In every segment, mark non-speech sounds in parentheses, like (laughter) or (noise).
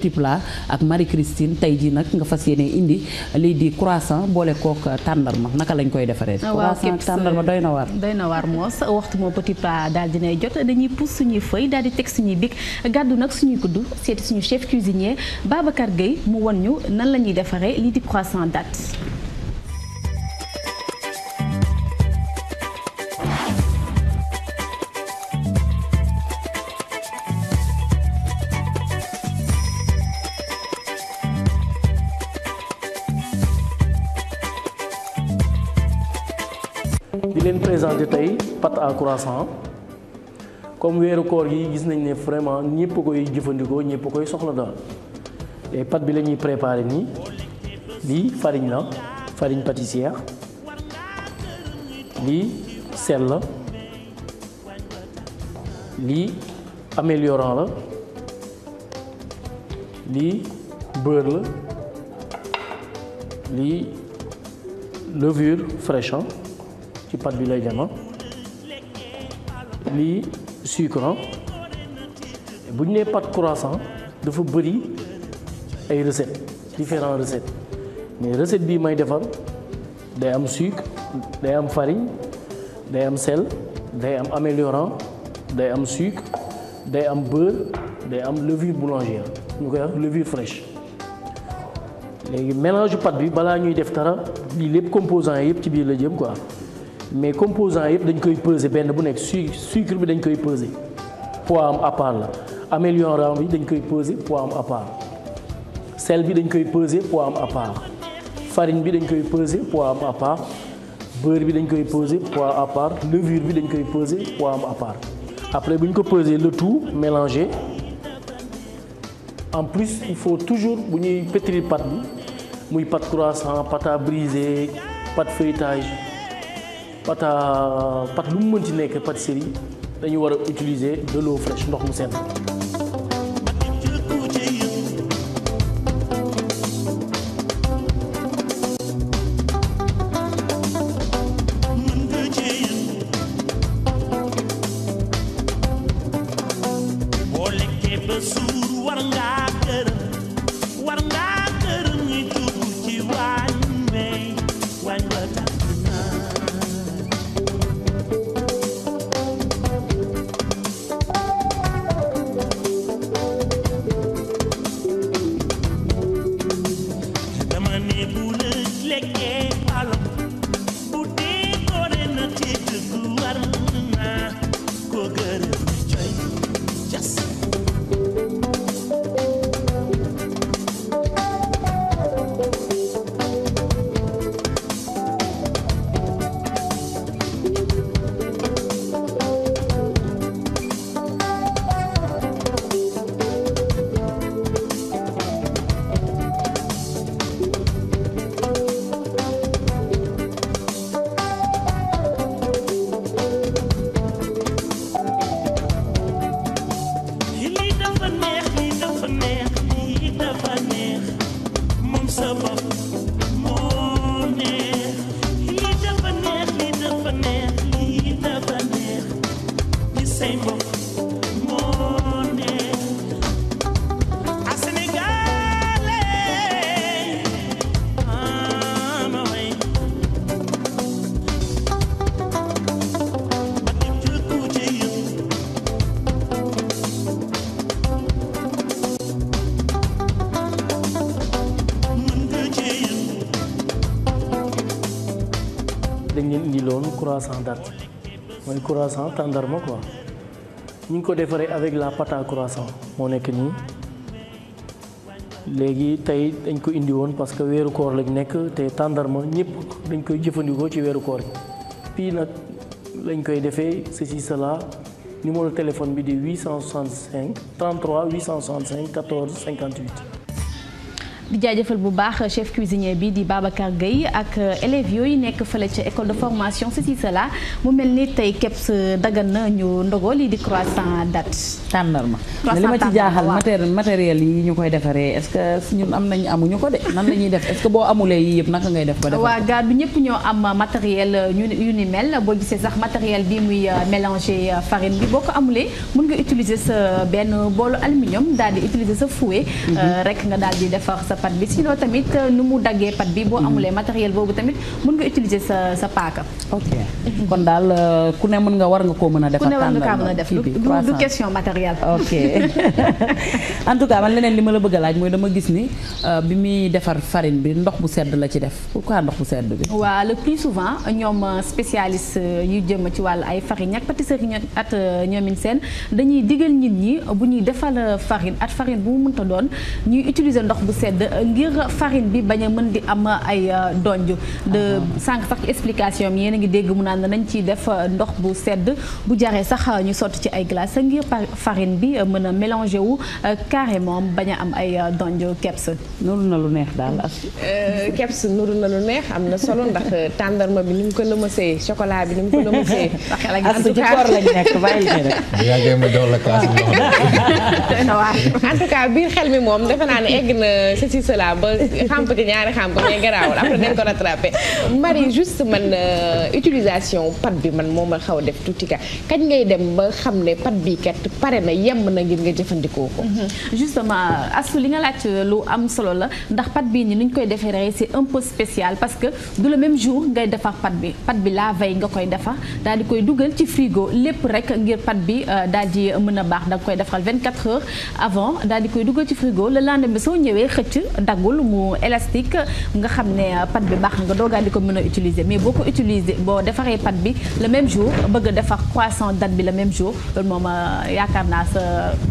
petit plat ak Marie Christine tey jii nag nga fas yéene indi lii di croissant boole kook tàndarma naka lañ koy defaree. Ah, croissant tàndarma doy na waar. Euh, doy na waar moos waxtu moo petit plat daal dinay jot dañuy pousse suñuy feuille daal di teg suñuy bic gàddu nag suñuy kudd seeti suñu chef cuisinier Babacar Gueye mu won ñu nan la ñuy defaree lii di croissant date. di leen présenter tey pâte à croissant comme weeru koor gi gis nañ ne vraiment ñëpp koy jëfandikoo ñëpp koy soxla daal et pâte bi lañuy ñuy préparer nii lii farine la farine pâtissière lii sel la lii améliorant la lii beurre la li levure fraîche ci pat bi lay dema lii sucre bu ñu nee pâte croissant dafa bëri ay recettes différentes recettes mais recette bii may defar day am sucre day am farine day am sel day am améliorant day am sucre day am beurre day am levure boulangère ñu koy wax levure fraîche léegi mélange pâte bi balaa ñuy def dara lii lépp composants yëpp ci biir la jëm quoi. mais composant yëpp dañ koy peser benn bu nekk sucre bi dañ koy peser poids am à part la améliorant bi dañ koy peser pois am à part sel bi dañ koy peser poids am à part farine bi dañ koy peser pois am à part bi dañ koy peser poids à part levure bi dañ koy peser poids am à part après bu ñu ko peser le tout mélanger en plus il faut toujours bu ñuy pétrir pâte bi muy pâte croissant pâte à briser pâte feuilletage pata pat lu mu mënti nekk pâtisserie dañu war a utiliser de l'eau fraîche ndox mu sedd croissant tàndarma quoi ñu ngi ko defaree avec la pâte à croissant moo nekk nii léegi tey dañ ko indi woon parce que weeru koor lañ nekk te tàndarma ñëpp dañ koy jëfandikoo ci weeru koor pii nag lañ koy defee ceci cela numéro téléphone bi di 865 33 865 14 58 di jaajëfal bu baax chef cuisinier bi di Babacar Gueye ak euh, élèves yooyu nekk fële ca école de formation ceci cela mu mel ni tey keps euh, dagan na ñu ndogoo lii di croissant date tàndarma li ma ci jaaxal matériel yi ñu koy defaree est-ce que ñun am nañu amuñu ko de nan la ñuy def est boo amulee yii yëpp naka ngay def ba waa gaar bi ñëpp ñoo am matériel euh, yu ni mel boo gisee sax materiel bii muy mélanger farine bi boo ko amulee mën nga utiliser sa benn boolu aluminium daal di utiliser sa fouet mhm. rek nga daal di defar sa pat bi sinon tamit euh, nu mu daggee pat bi boo mhm. amulee matériel boobu tamit mun nga utiliser sa sa paaka. ok mhm. kon daal euh, ku ne mën nga war nga koo mën a def. ku ne def du question matériel. ok (laughs) en tout cas man leneen li ma la bëgg laaj mooy dama gis ni euh, bi muy defar farine bi ndox bu sedd la ci def pourquoi ndox bu sedd bi. waa le plus souvent ñoom spécialiste yu jëm ci wàllu ay farine ak pâtisserie ñoom at ñoomin seen dañuy digal nit ñi bu ñuy defal farin at farine bu mu mënta doon ñuy utiliser ndox bu sedd. ngir farine bi bañ a mën di am ay euh, donj de sànq sax explication bi yéen a ngi dégg mu naan nañ ci def euh, ndox bu sedd bu jaree sax euh, ñu sotti ci ay glace ngir farine bi mën a mélangé wu moom bañ a am ay donj keps nuru na lu neex daal keps nuru na lu neex am na solo ndax tàndarma bi ni mu ko lëmasee chocolat bi ni mu ko lëmasee (laughs) (laughs) (laughs) en tout cas biir xel mi moom defe naa ne egg na si cela ba xampati ñaari xam ko mais garaawul après nañ man euh, utilisation pat bi man moo ma xaw a def tuuti ka kañ ngay dem ba xam ne pat bi kat pare na yem na ngir nga jëfandikoo ko mhm. justement astu li nga laaj euh, lu am solo la ndax pat bii ni ñu koy defaree c'est un peu spécial parce que du même jour ngay defar pat bi pat bi la veille nga koy defar daal di koy dugal ci frigo lépp rek ngir pat bi euh, daal di mën a baax da nga koy defal 24 heures avant daal di koy dugal ci frigo le lendemain bi soo ñëwee xëcc daggul mu élastique nga xam ne pat bi baax nga doogaan di ko mën a utiliser mais boo ko utiliser boo defaree pat bi le même jour bëgg defar croissant date bi le même jour loolu moom euh, yaakaar naa sa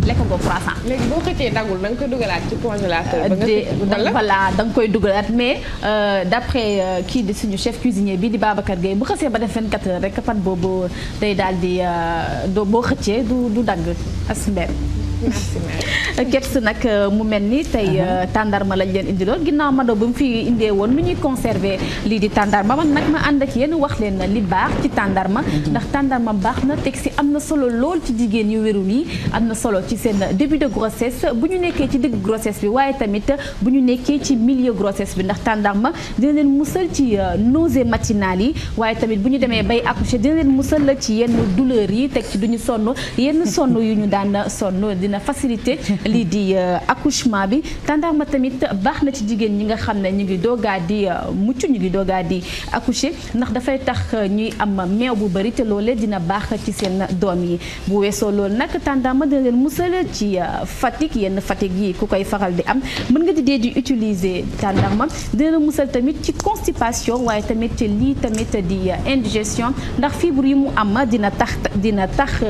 lekk nga croissant. léegi boo xëccee daggul da nga koy dugalaat ci congélateur ba nga voilà da nga koy dugalaat mais euh, d'après euh, kii di suñu chef cuisinier bi di Babacar Gueye bu xasee ba def 24 heures rek pat boobu tey daal di doo boo xëccee du du dagg as mbéb. Kebs nag euh, mu mel ni tey euh, uh-huh. tàndarma lañ leen indiloon ginnaaw mado ba mu fi indee woon nu ñuy conserver lii di tàndarma man nag ma ànd ak yéen wax leen li baax ci tàndarma uh-huh. ndax tàndarma baax na teg si am na solo lool ci jigéen yu wéru yi am na solo ci seen début de grossesse bu ñu nekkee ci digg grossesse bi waaye tamit bu ñu nekkee ci milieu grossesse bi ndax tàndarma dina leen musal ci euh, nausée matinale yi waaye tamit bu ñu demee bay accoucher dina leen musal la ci yenn douleur yi teg ci duñu sonn yenn sonn yu ñu daan sonn dina faciliter lii di euh, accouchement bi tàndarma tamit baax na ci jigéen ñi nga xam ne ñu ngi doogaa di euh, mucc ñu ngi doogaa di accoucher ndax dafay tax euh, ñuy am meew bu bëri te loole dina baax ci seen doom yi bu weesoo loolu nag tàndarma dina leen musal ci fatigue yenn fatigue yi ku koy faral di am mën nga di dee di utiliser tàndarma dina la musal tamit ci constipation waaye tamit lii tamit di indigestion ndax fibre yi mu am dina tax dina tax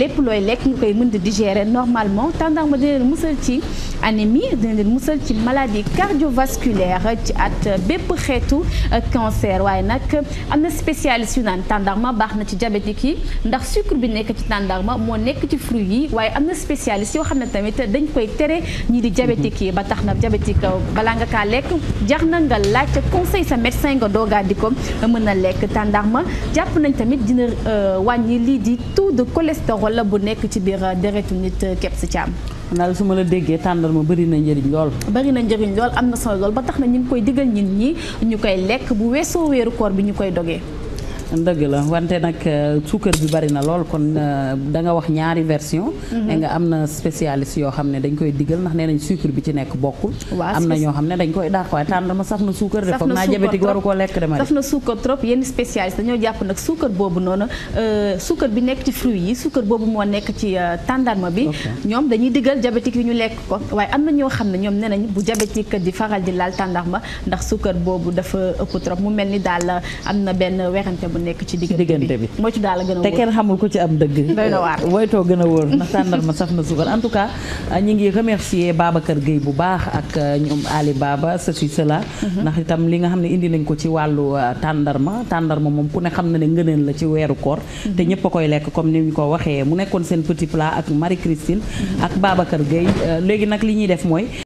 lépp looy lekk ñu koy mën di digérer normalement tàndarma dina la musal ci anémie dina leen musal ci maladie cardiovasculaire ci at bépp xeetu euh, cancer waaye nag am na spécialiste yu naan tàndarma baax na ci diabétique yi ndax sucre bi nekk ci tàndarma moo nekk ci fruit yi waaye am na spécialiste yoo xam ne tamit dañ koy tere ñi di diabétique yi ba tax na diabétique euh, balaa nga kaa lekk jax na nga laaj conseil sa médecin nga doogaa di ko euh, mën na lekk tàndarma jàpp nañ tamit dina wàññi lii di taux de cholestérol la bu nekk ci biir déretu nit képp si caam daal su ma la déggee tàndarma bëri na njëriñ lool bëri na njëriñ lool am na solo lool ba tax na ñu ngi koy digal nit ñi ñu koy lekk bu weesoo weeru koor bi ñu koy dogee dëgg la wante nag euh, suukar bi bari na lool kon euh, da wax ñaari version. Mhm. ne am na spécialiste yoo xam ne dañ koy digal ndax nee nañ sucre bi ci nekk bokkul. saf na suukar ma saf na suukar trop yenn spécialiste dañoo jàpp nag suukar boobu noonu euh, suukar bi nekk ci fruit yi suukar boobu moo nekk ci tàndarma bi. ñoom dañuy digal diabétique yi ñu lekk ko waaye am na ñoo xam ne ñoom nee nañ bu diabétique di faral di laal tàndarma ndax suukar boobu dafa ëpp trop mu mel ni daal am na benn werante bu nekk ci diggante bi moytu daal a gën a te kenn xamul ko ci am dëgg doy na waar woytoo gën a wóor ndax tàndar ma saf na suukar en tout cas ñi ngi remercier Babacar Gueye bu baax ak euh, ñoom Ali baaba ceci cela mhm. ndax itam li nga xam ne indi nañ ko ci wàllu euh, tàndarma tàndarma moom ku ne xam na ne ngëneel la ci weeru koor mhm. te ñëpp a koy lekk comme ni ñu ko waxee mu nekkoon seen petit plat ak Marie Christine mhm. ak Babacar Gueye euh, léegi nag li ñuy def mooy